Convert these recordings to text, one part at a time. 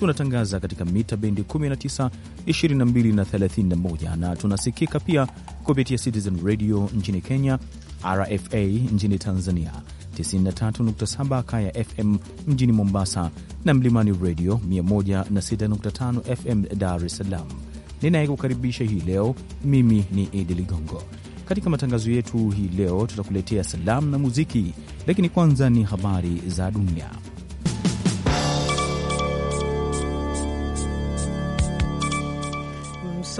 Tunatangaza katika mita bendi 19, 22 na 31 na tunasikika pia kupitia Citizen Radio nchini Kenya, RFA nchini Tanzania, 93.7 Kaya FM mjini Mombasa na Mlimani Radio 106.5 FM Dar es Salaam. Ninayekukaribisha hii leo mimi ni Idi Ligongo. Katika matangazo yetu hii leo tutakuletea salamu na muziki, lakini kwanza ni habari za dunia.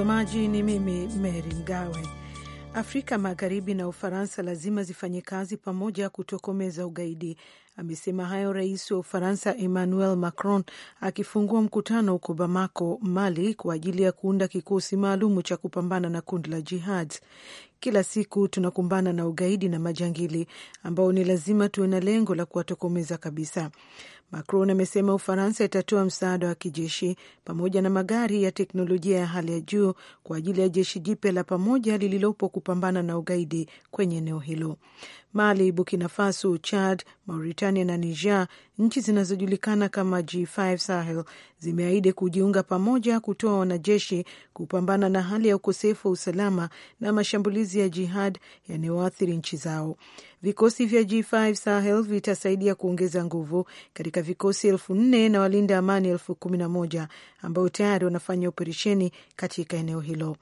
Msomaji ni mimi Mary Mgawe. Afrika Magharibi na Ufaransa lazima zifanye kazi pamoja kutokomeza ugaidi Amesema hayo rais wa Ufaransa Emmanuel Macron akifungua mkutano huko Bamako, Mali, kwa ajili ya kuunda kikosi maalum cha kupambana na kundi la jihad. Kila siku tunakumbana na ugaidi na majangili ambao ni lazima tuwe na lengo la kuwatokomeza kabisa. Macron amesema Ufaransa itatoa msaada wa kijeshi pamoja na magari ya teknolojia ya hali ya juu kwa ajili ya jeshi jipya la pamoja lililopo kupambana na ugaidi kwenye eneo hilo. Mali, Burkina Faso, Chad, Mauritania na Niger nchi zinazojulikana kama G5 Sahel zimeahidi kujiunga pamoja kutoa wanajeshi kupambana na hali ya ukosefu wa usalama na mashambulizi ya jihad yanayoathiri nchi zao. Vikosi vya G5 Sahel vitasaidia kuongeza nguvu katika vikosi elfu nne na walinda amani elfu kumi na moja ambao tayari wanafanya operesheni katika eneo hilo.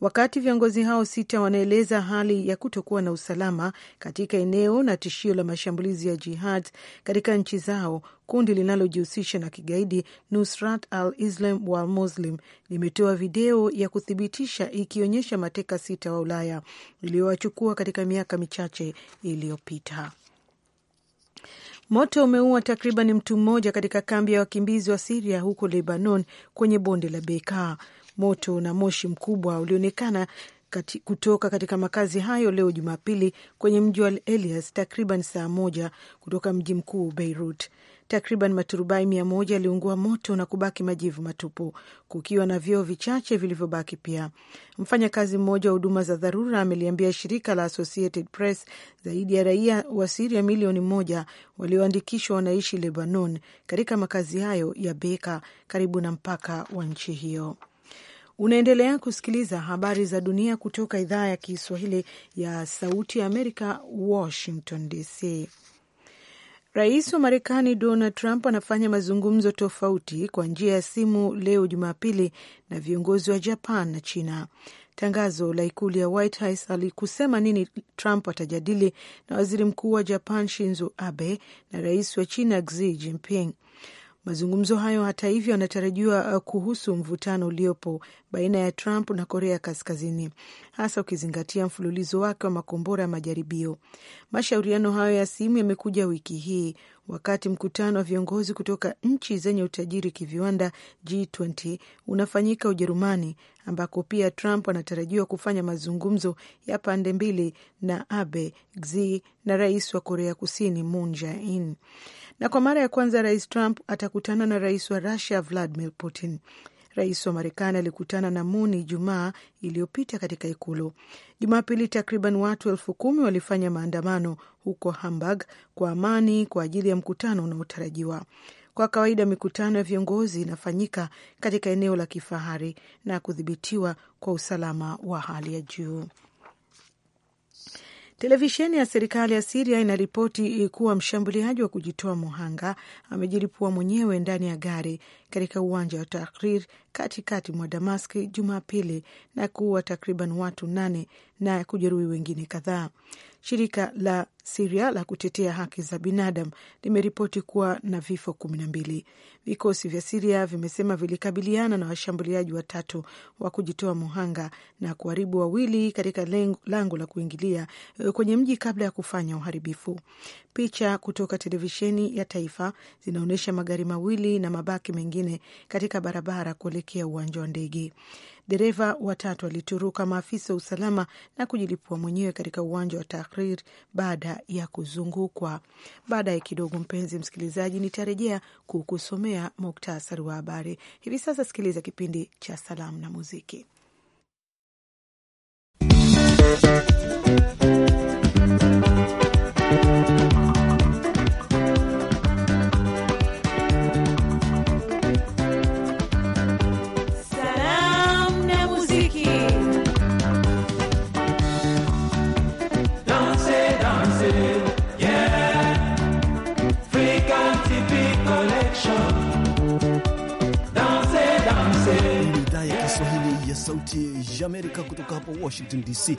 Wakati viongozi hao sita wanaeleza hali ya kutokuwa na usalama katika eneo na tishio la mashambulizi ya jihad katika nchi zao yao kundi linalojihusisha na kigaidi Nusrat al-Islam wal Muslim limetoa video ya kuthibitisha ikionyesha mateka sita wa Ulaya iliyowachukua katika miaka michache iliyopita. Moto umeua takriban mtu mmoja katika kambi ya wakimbizi wa Siria huko Lebanon, kwenye bonde la Beka. Moto na moshi mkubwa ulionekana kati, kutoka katika makazi hayo leo Jumapili kwenye mji wa Elias takriban saa moja kutoka mji mkuu Beirut. Takriban maturubai mia moja yaliungua moto na kubaki majivu matupu, kukiwa na vyoo vichache vilivyobaki. Pia mfanyakazi mmoja wa huduma za dharura ameliambia shirika la Associated Press zaidi ya raia wa Siria milioni moja walioandikishwa wanaishi Lebanon katika makazi hayo ya Beka karibu na mpaka wa nchi hiyo. Unaendelea kusikiliza habari za dunia kutoka idhaa ya Kiswahili ya Sauti ya Amerika, Washington DC. Rais wa Marekani Donald Trump anafanya mazungumzo tofauti kwa njia ya simu leo Jumapili na viongozi wa Japan na China. Tangazo la ikulu ya White House alikusema nini Trump atajadili na waziri mkuu wa Japan Shinzo Abe na rais wa China Xi Jinping Mazungumzo hayo hata hivyo yanatarajiwa uh, kuhusu mvutano uliopo baina ya Trump na Korea Kaskazini, hasa ukizingatia mfululizo wake wa makombora ya majaribio. Mashauriano hayo ya simu yamekuja wiki hii wakati mkutano wa viongozi kutoka nchi zenye utajiri kiviwanda G20 unafanyika Ujerumani, ambako pia Trump anatarajiwa kufanya mazungumzo ya pande mbili na Abe Xi na rais wa Korea Kusini Moon Jae-in. Na kwa mara ya kwanza Rais Trump atakutana na rais wa Rusia Vladimir Putin. Rais wa Marekani alikutana na Moon Ijumaa iliyopita katika Ikulu. Jumapili, takriban watu elfu kumi walifanya maandamano huko Hamburg kwa amani kwa ajili ya mkutano unaotarajiwa. Kwa kawaida mikutano ya viongozi inafanyika katika eneo la kifahari na kudhibitiwa kwa usalama wa hali ya juu. Televisheni ya serikali ya Siria inaripoti kuwa mshambuliaji wa kujitoa muhanga amejilipua mwenyewe ndani ya gari katika uwanja wa Tahrir katikati mwa Damaski Jumapili na kuua takriban watu nane na kujeruhi wengine kadhaa. Shirika la Siria la kutetea haki za binadam limeripoti kuwa na vifo kumi na mbili. Vikosi vya Siria vimesema vilikabiliana na washambuliaji watatu wa kujitoa muhanga na kuharibu wawili katika lango la kuingilia e, kwenye mji kabla ya kufanya uharibifu. Picha kutoka televisheni ya taifa zinaonyesha magari mawili na mabaki mengine nyingine katika barabara kuelekea uwanja wa ndege. Dereva watatu alituruka maafisa wa usalama na kujilipua mwenyewe katika uwanja wa Tahrir baada ya kuzungukwa. Baadaye kidogo, mpenzi msikilizaji, nitarejea kukusomea muktasari wa habari. Hivi sasa sikiliza kipindi cha salamu na muziki. ya Kiswahili ya Sauti ya Amerika kutoka hapa Washington DC.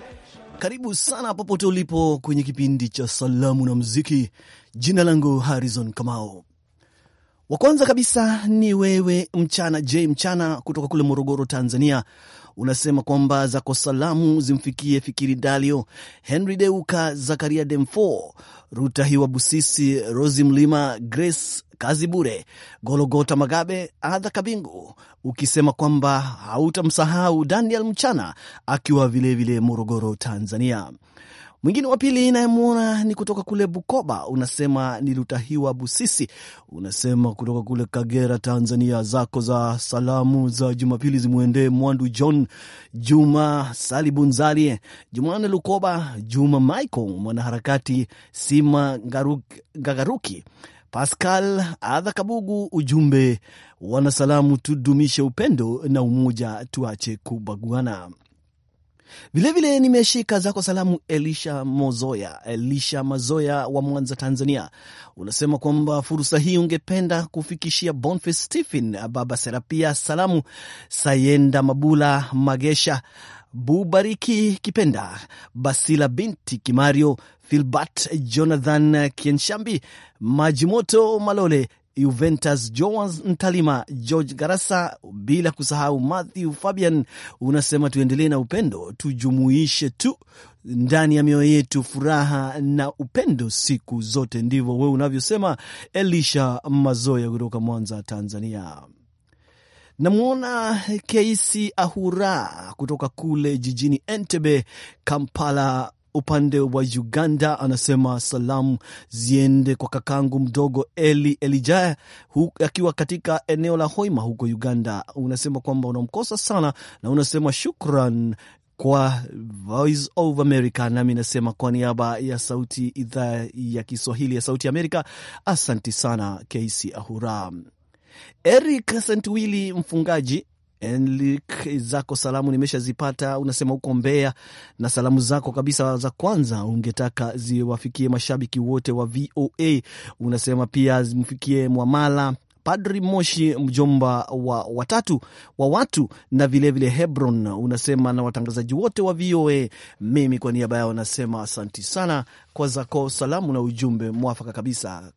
Karibu sana popote ulipo kwenye kipindi cha Salamu na Muziki. Jina langu Harrison Kamao. Wa kwanza kabisa ni wewe Mchana J Mchana kutoka kule Morogoro, Tanzania unasema kwamba zako salamu zimfikie Fikiri Dalio, Henry Deuka, Zakaria Demfo, Ruta Hiwa Busisi, Rosi Mlima, Grace Kazi Bure, Gologota Magabe, Adha Kabingu, ukisema kwamba hautamsahau Daniel Mchana akiwa vilevile Morogoro, Tanzania. Mwingine wa pili inayemwona ni kutoka kule Bukoba, unasema ni Lutahiwa Busisi, unasema kutoka kule Kagera, Tanzania. Zako za salamu za Jumapili zimwendee Mwandu John Juma, Salibunzali, Jumane Lukoba, Juma Michael mwanaharakati, Sima Gagaruki, Pascal Adha Kabugu. Ujumbe wanasalamu, tudumishe upendo na umoja, tuache kubaguana. Vilevile nimeshika zako salamu Elisha Mozoya, Elisha Mazoya wa Mwanza, Tanzania. Unasema kwamba fursa hii ungependa kufikishia bonfe Stephen, Baba Serapia, salamu Sayenda Mabula Magesha, Bubariki Kipenda, Basila binti Kimario, Filbert Jonathan Kienshambi, Majimoto Malole, Juventus Joas Ntalima, George Garasa, bila kusahau Matthew Fabian. Unasema tuendelee na upendo, tujumuishe tu ndani ya mioyo yetu furaha na upendo siku zote. Ndivyo wewe unavyosema, Elisha Mazoya kutoka Mwanza, Tanzania. Namwona Keisi Ahura kutoka kule jijini Entebbe, Kampala upande wa Uganda anasema salamu ziende kwa kakangu mdogo Eli Elijaya akiwa katika eneo la Hoima huko Uganda. Unasema kwamba unamkosa sana na unasema shukran kwa Voice of America. Nami nasema kwa niaba ya sauti idhaa ya Kiswahili ya Sauti Amerika, asanti sana KC Ahura. Eric Sentwili mfungaji Enlik, zako salamu nimeshazipata, unasema huko Mbeya na salamu zako kabisa za kwanza ungetaka ziwafikie mashabiki wote wa VOA. Unasema pia zimfikie Mwamala Padri Moshi, mjomba wa watatu wa watu na vilevile vile Hebron, unasema na watangazaji wote wa VOA. Mimi kwa niaba yao nasema asanti sana kwa zako salamu na ujumbe mwafaka kabisa.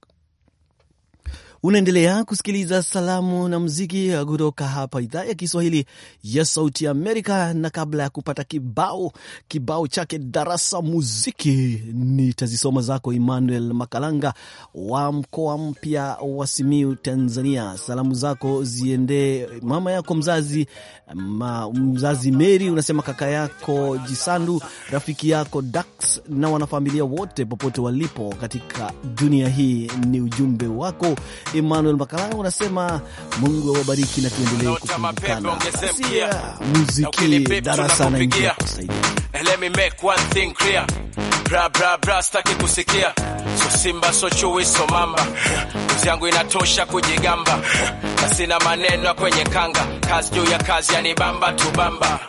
Unaendelea kusikiliza salamu na muziki kutoka hapa idhaa ya Kiswahili ya Sauti ya Amerika, na kabla ya kupata kibao kibao chake darasa muziki, nitazisoma zako Emmanuel Makalanga wa mkoa mpya wa Simiu, Tanzania. Salamu zako ziendee mama yako mzazi ma, mzazi Meri, unasema kaka yako Jisandu, rafiki yako Dax na wanafamilia wote popote walipo katika dunia hii. Ni ujumbe wako Emmanuel Makalanga unasema Mungu awabariki na tuendelee kukumbukana. Uh, muziki darasa na ingia kusaidia bra bra bra, staki kusikia so simba so chui so mamba uzi yangu inatosha kujigamba, na sina maneno ya kwenye kanga, kazi juu ya kazi yanibamba tubamba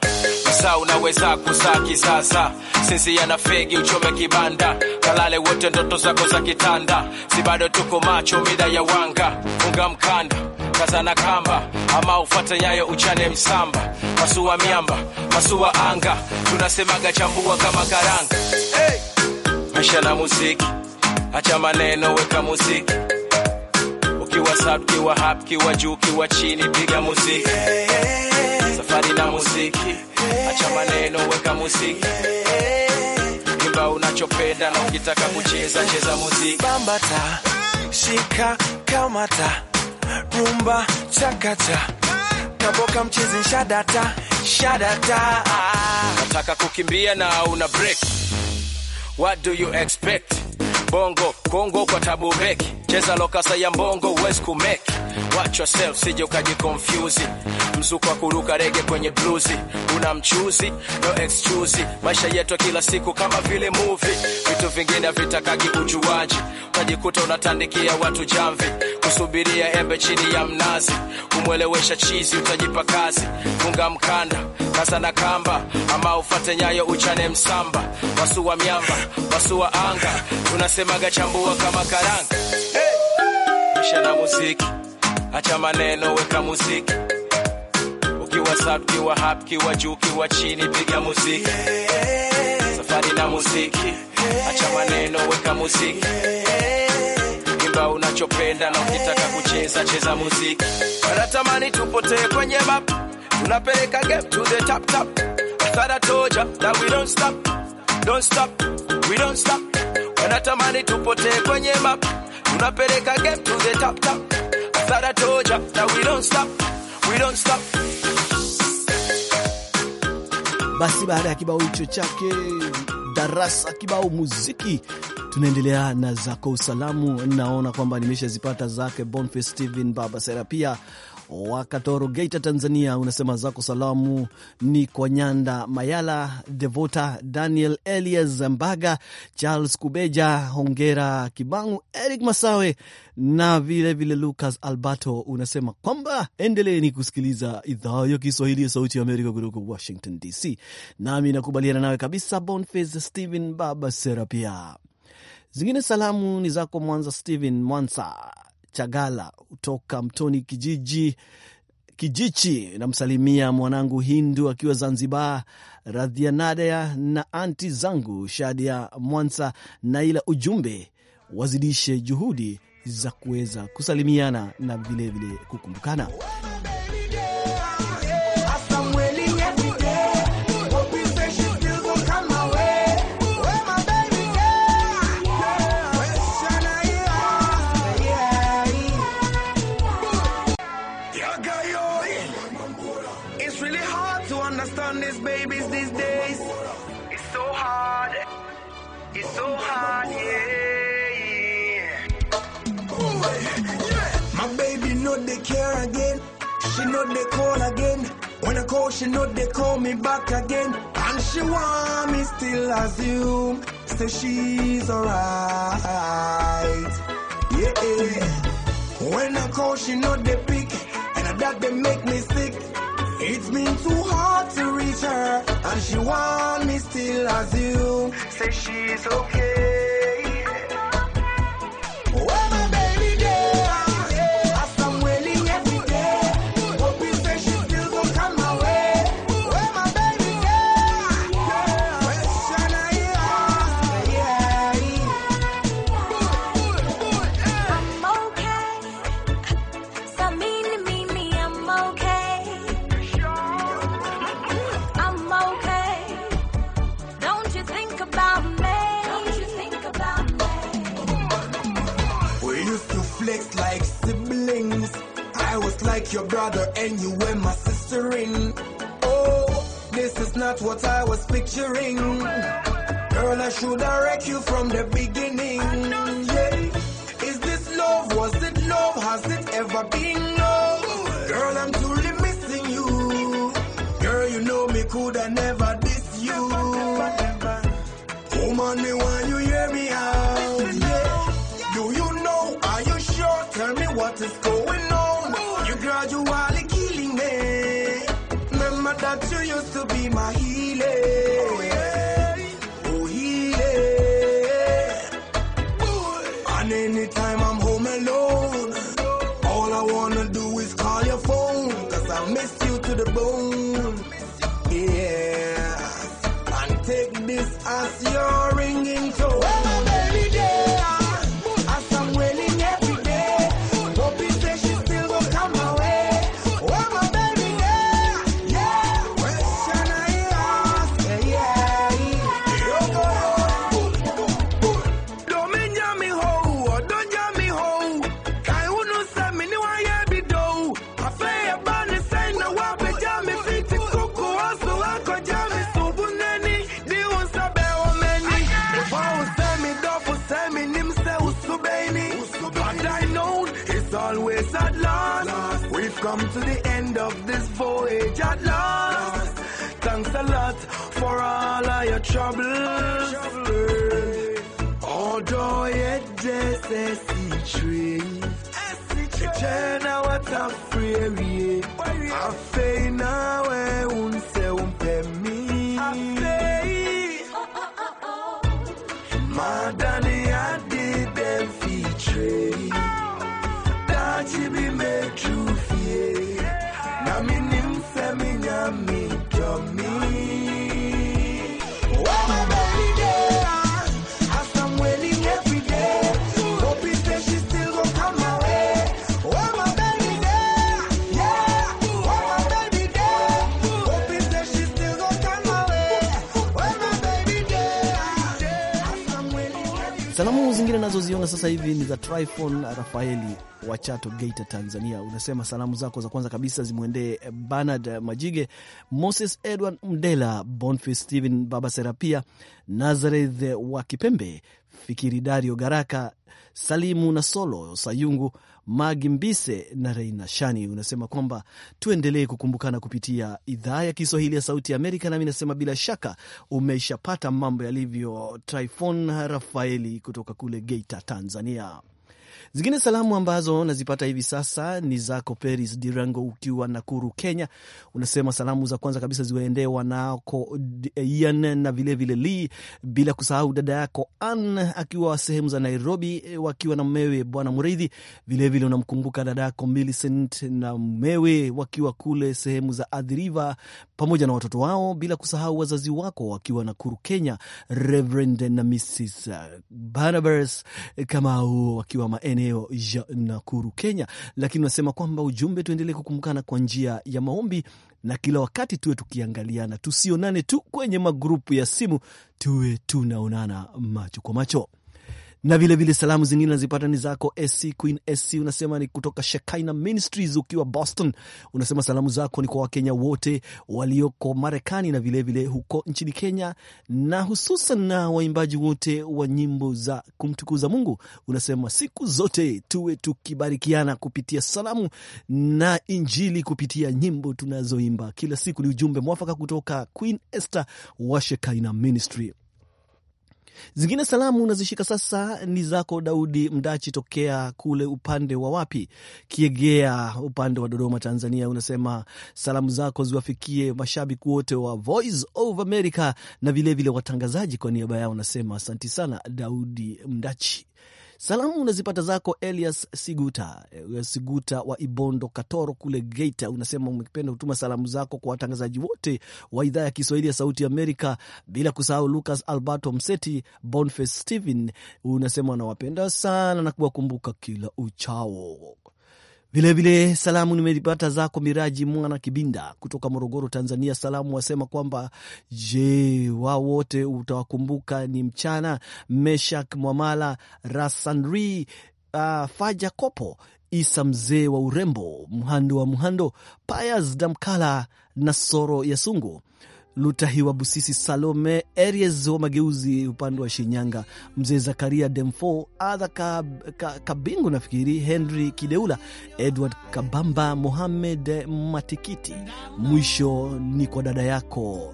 sasa unaweza kusaki sasa, sisi yana fegi uchome kibanda, kalale wote ndoto zako za kitanda, si bado tuko macho mida ya wanga, unga mkanda na kamba, ama ufata nyayo uchane msamba, masua miamba, masua anga, tunasemaga chambua kama karanga. Hey! Maisha na muziki, acha maneno, weka muziki ukiwa sub, kiwa hap, kiwa juu, kiwa chini, piga muziki hey, hey safari na muziki, acha maneno, weka muziki, imba unachopenda, na ukitaka kucheza cheza muziki. Bambata, shika, kamata, rumba, chakata, kaboka, mchezi shadata, shadata. Nataka kukimbia na una break, what do you expect? mbongo kongo kwa tabu heki cheza lokasa ya mbongo uwezi kumek watch yourself sije confuse mzuko wa kuruka rege kwenye bluzi una mchuzi no excuse maisha yetu kila siku kama vile movie vitu vingine vitakaki ujuaji utajikuta unatandikia watu jamvi kusubiria embe chini ya mnazi, kumwelewesha chizi utajipa kazi, funga mkanda kasa na kamba, ama ufate nyayo uchane msamba, wasua miamba wasua anga, tunasemaga chambua kama karanga. Hey! Isha na muziki, acha maneno, weka muziki ukiwa sub, kiwa hap, kiwa juu, kiwa chini, piga muziki Safari na muziki, acha maneno, weka muziki imba unachopenda, na ukitaka kucheza cheza muziki. Wanatamani tupotee kwenye map, tunapeleka game to the top top. Sada toja that we don't stop, don't stop, we don't stop. Wanatamani tupotee kwenye map, tunapeleka game to the top top. Sada toja that we don't stop, we don't stop. Basi baada ya kibao hicho chake darasa kibao muziki Tunaendelea na zako usalamu. Naona kwamba nimeshazipata zake Bonface Steven Baba Serapia Wakatoro, Geita, Tanzania. Unasema zako salamu ni kwa Nyanda Mayala, Devota Daniel, Elias Mbaga, Charles Kubeja, Hongera Kibangu, Eric Masawe na vilevile vile Lucas albato Unasema kwamba endeleeni kusikiliza idhaa ya Kiswahili ya Sauti ya Amerika kutoka Washington DC. Nami nakubaliana nawe kabisa, Boniface Stephen Baba Serapia. Zingine salamu ni zako Mwanza Steven Mwansa Chagala kutoka Mtoni kijiji Kijichi. Namsalimia mwanangu Hindu akiwa Zanzibar, Radhianadea na anti zangu Shadia Mwansa na ila ujumbe wazidishe juhudi za kuweza kusalimiana na vilevile kukumbukana. she know they call again. When I call, she know they call me back again. And she want me still assume, say she's alright. Yeah. When I call, she know they pick, and that they make me sick. It's been too hard to reach her, and she want me still assume, say she's okay. you. Woman, me want you. the Salamu zingine nazoziona sasa hivi ni za Tryphon Rafaeli wa Chato, Geita, Tanzania. Unasema salamu zako za kwanza kabisa zimwendee Bernard Majige, Moses Edward Mdela, Bonface Stephen, Baba Serapia, Nazareth wa Kipembe, Fikiri Dario Garaka, Salimu na Solo Sayungu, Magimbise na Reina Shani. Unasema kwamba tuendelee kukumbukana kupitia idhaa ya Kiswahili ya Sauti ya Amerika, nami nasema bila shaka umeshapata mambo yalivyo. Tryfon Rafaeli kutoka kule Geita, Tanzania. Zingine salamu ambazo nazipata hivi sasa ni zako Peris Dirango ukiwa Nakuru, Kenya. Unasema salamu za kwanza kabisa ziwaendee wanako eh, Ian na vilevile Li, bila kusahau dada yako Ann akiwa sehemu za Nairobi eh, wakiwa na mmewe Bwana Mridhi. Vilevile unamkumbuka dada yako Millicent na mmewe wakiwa kule sehemu za Adhiriva pamoja na watoto wao, bila kusahau wazazi wako wakiwa Nakuru, Kenya, Reverend na Mrs eh, Barnabas Kamau wakiwa maeneo maeneo ya Nakuru, Kenya. Lakini unasema kwamba ujumbe, tuendelee kukumbukana kwa njia ya maombi na kila wakati tuwe tukiangaliana, tusionane tu kwenye magrupu ya simu, tuwe tunaonana macho kwa macho na vilevile vile salamu zingine nazipata ni zako SC Queen SC, unasema ni kutoka Shekina Ministries ukiwa Boston. Unasema salamu zako ni kwa Wakenya wote walioko Marekani na vilevile vile huko nchini Kenya, na hususan na waimbaji wote wa nyimbo za kumtukuza Mungu. Unasema siku zote tuwe tukibarikiana kupitia salamu na Injili kupitia nyimbo tunazoimba kila siku. Ni ujumbe mwafaka kutoka Queen Esther wa Shekina Ministry. Zingine salamu unazishika sasa ni zako Daudi Mdachi tokea kule upande wa wapi, Kiegea, upande wa Dodoma, Tanzania. Unasema salamu zako ziwafikie mashabiki wote wa Voice of America na vilevile vile watangazaji. Kwa niaba yao unasema asanti sana Daudi Mdachi. Salamu unazipata zako Elias Siguta, eh, Siguta wa Ibondo Katoro kule Geita. Unasema umependa kutuma salamu zako kwa watangazaji wote wa idhaa ya Kiswahili ya Sauti Amerika, bila kusahau Lucas Alberto Mseti, Boniface Steven. Unasema anawapenda sana na kuwakumbuka kila uchao. Vilevile salamu nimezipata zako Miraji Mwana Kibinda kutoka Morogoro, Tanzania. Salamu wasema kwamba je, wao wote utawakumbuka ni mchana Meshak Mwamala, Rasanri uh, Faja Kopo, Isa mzee wa urembo, Mhando wa Mhando, Payas Damkala na Soro ya Sungu Lutahiwa Busisi, Salome Aries wa Mageuzi upande wa Shinyanga, Mzee Zakaria Demfo, Adha Kabingu, ka, nafikiri Henry Kideula, Edward Kabamba, Mohamed Matikiti. Mwisho ni kwa dada yako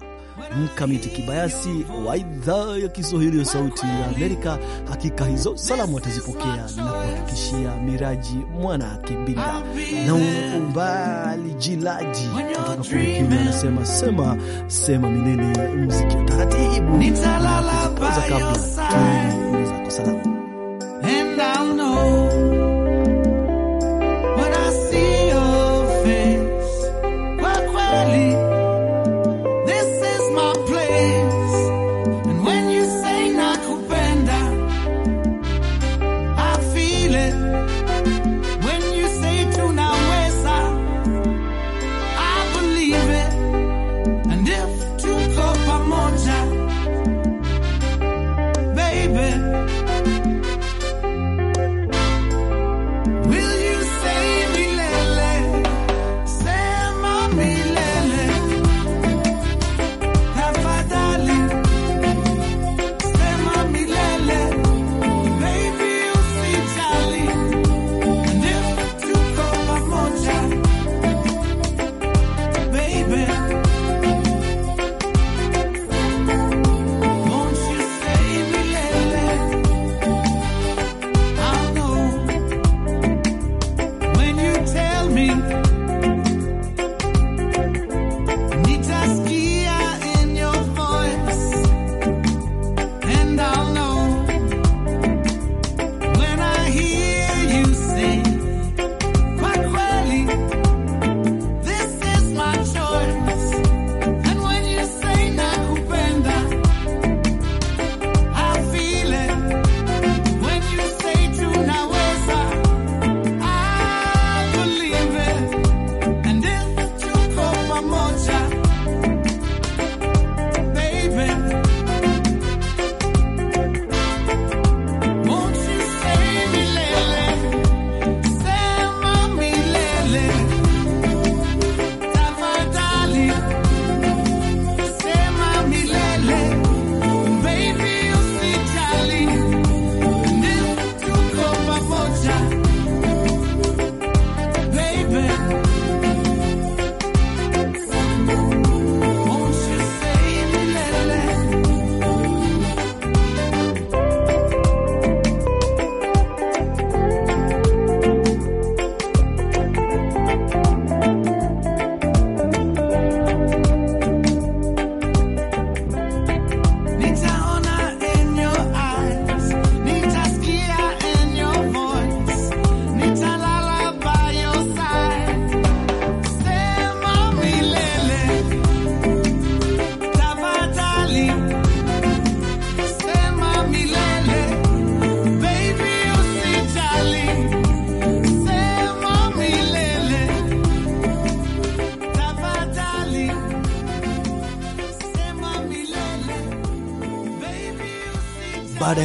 Mkamiti Kibayasi wa idhaa ya Kiswahili ya Sauti ya Amerika. Hakika hizo salamu atazipokea na kuhakikishia Miraji Mwana Kibinda na umbali jilaji atakapokiwa anasema sema sema milele, mziki wa taratibu nitalala kabla tuweza salamu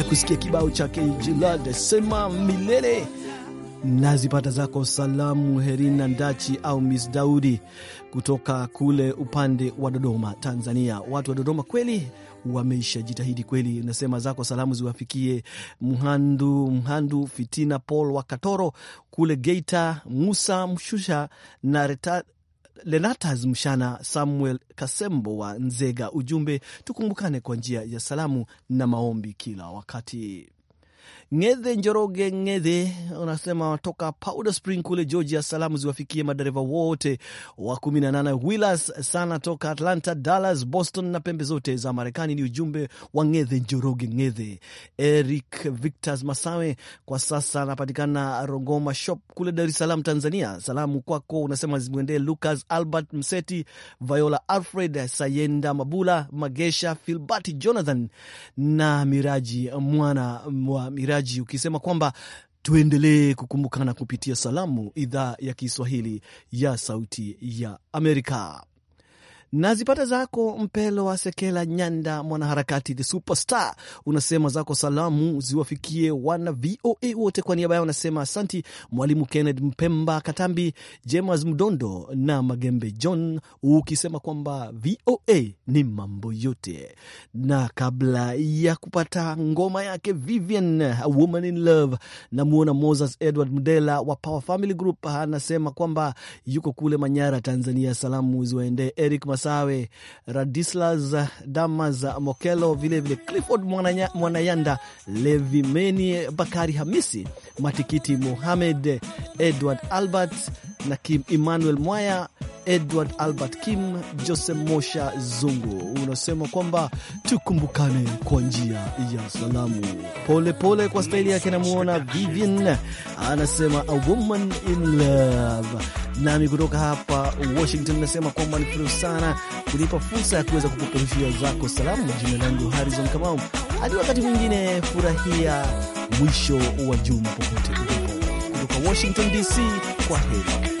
ya kusikia kibao chake Jilad sema milele nazipata zako salamu Herina Ndachi au Miss Daudi kutoka kule upande wa Dodoma, Tanzania. Watu wa Dodoma kweli wameisha jitahidi kweli. Nasema zako salamu ziwafikie Mhandu Mhandu Fitina Paul wa Katoro kule Geita, Musa Mshusha na Lenatas Mshana, Samuel Kasembo wa Nzega. Ujumbe, tukumbukane kwa njia ya salamu na maombi kila wakati. Ng'ethe Njoroge Ng'ethe unasema toka Powder Spring kule Georgia. Salamu ziwafikie madereva wote wa 18 wheelers sana toka Atlanta, Dallas, Boston na pembe zote za Marekani. Ni ujumbe wa Ng'ethe Njoroge Ng'ethe. Eric Victors Masawe kwa sasa anapatikana Rogoma Shop kule Dar es Salaam, Tanzania. Salamu kwako unasema zimwendee Lucas Albert Mseti, Viola Alfred Sayenda, Mabula Magesha, Filbert Jonathan na Miraji mwana wa Miraji msikilizaji ukisema kwamba tuendelee kukumbukana kupitia salamu idhaa ya Kiswahili ya Sauti ya Amerika na zipata zako Mpelo wa Sekela Nyanda, mwanaharakati the superstar, unasema zako salamu ziwafikie wana VOA wote. Kwa niaba yao unasema asanti Mwalimu Kenneth Mpemba Katambi, James Mdondo na Magembe John, ukisema kwamba VOA ni mambo yote. Na kabla ya kupata ngoma yake Vivian A Woman in Love, namwona Moses Edward Mdela wa Power Family Group anasema kwamba yuko kule Manyara, Tanzania. Salamu ziwaendee Eric Mas Masawe, Radislas Damas Mokelo, vilevile Clifford Mwanayanda, Levimeni Bakari Hamisi, Matikiti Muhamed, Edward Albert na Kim Emmanuel Mwaya, Edward Albert Kim, Joseph Mosha Zungu. Unasema kwamba tukumbukane kwa njia ya salamu. Pole pole kwa staili yake, namuona Vivian anasema a woman in love nami kutoka hapa Washington nasema kwamba nikushukuru sana kunipa fursa ya kuweza kupeperushia zako salamu. Jina langu Harrison Kamau, hadi wakati mwingine, furahia mwisho wa juma popote ulipo. Kutoka Washington DC, kwa heri.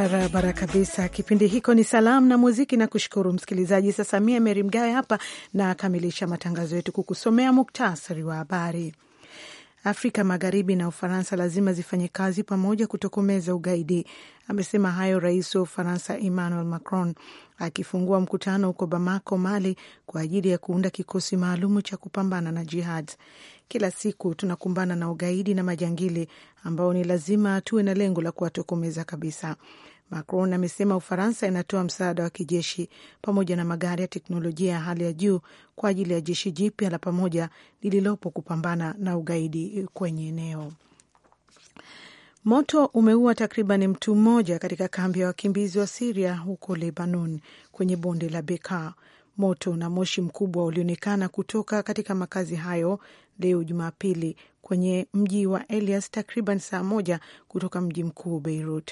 Barabara kabisa. Kipindi hiko ni salamu na muziki na kushukuru msikilizaji. Sasa mie Meri Mgawe hapa na akamilisha matangazo yetu kukusomea muktasari wa habari. Afrika Magharibi na Ufaransa lazima zifanye kazi pamoja kutokomeza ugaidi. Amesema hayo rais wa Ufaransa Emmanuel Macron akifungua mkutano huko Bamako, Mali, kwa ajili ya kuunda kikosi maalum cha kupambana na jihad. Kila siku tunakumbana na ugaidi na majangili ambao ni lazima tuwe na lengo la kuwatokomeza kabisa. Macron amesema Ufaransa inatoa msaada wa kijeshi pamoja na magari ya teknolojia ya hali ya juu kwa ajili ya jeshi jipya la pamoja lililopo kupambana na ugaidi kwenye eneo. Moto umeua takriban mtu mmoja katika kambi ya wakimbizi wa Siria huko Lebanon, kwenye bonde la Bekaa, Moto na moshi mkubwa ulionekana kutoka katika makazi hayo leo Jumapili kwenye mji wa Elias takriban saa moja kutoka mji mkuu Beirut.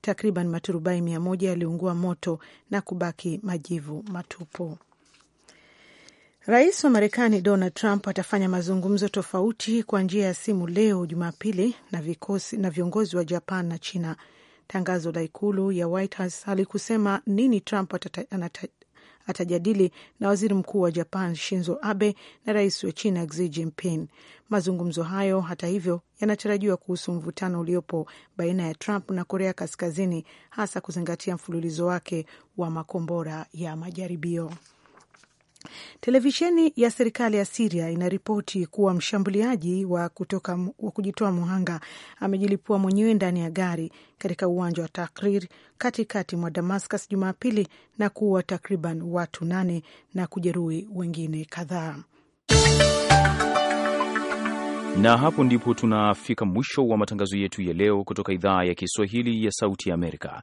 Takriban maturubai mia moja yaliungua moto na kubaki majivu matupu. Rais wa Marekani Donald Trump atafanya mazungumzo tofauti kwa njia ya simu leo Jumapili na vikosi na viongozi wa Japan na China. Tangazo la ikulu ya White House nini Trump atajadili na waziri mkuu wa Japan Shinzo Abe na rais wa China Xi Jinping. Mazungumzo hayo hata hivyo yanatarajiwa kuhusu mvutano uliopo baina ya Trump na Korea Kaskazini, hasa kuzingatia mfululizo wake wa makombora ya majaribio. Televisheni ya serikali ya Siria inaripoti kuwa mshambuliaji wa, kutoka, wa kujitoa muhanga amejilipua mwenyewe ndani ya gari katika uwanja wa takrir katikati mwa Damascus Jumapili na kuua takriban watu nane na kujeruhi wengine kadhaa. Na hapo ndipo tunafika mwisho wa matangazo yetu ya leo kutoka idhaa ya Kiswahili ya Sauti ya Amerika.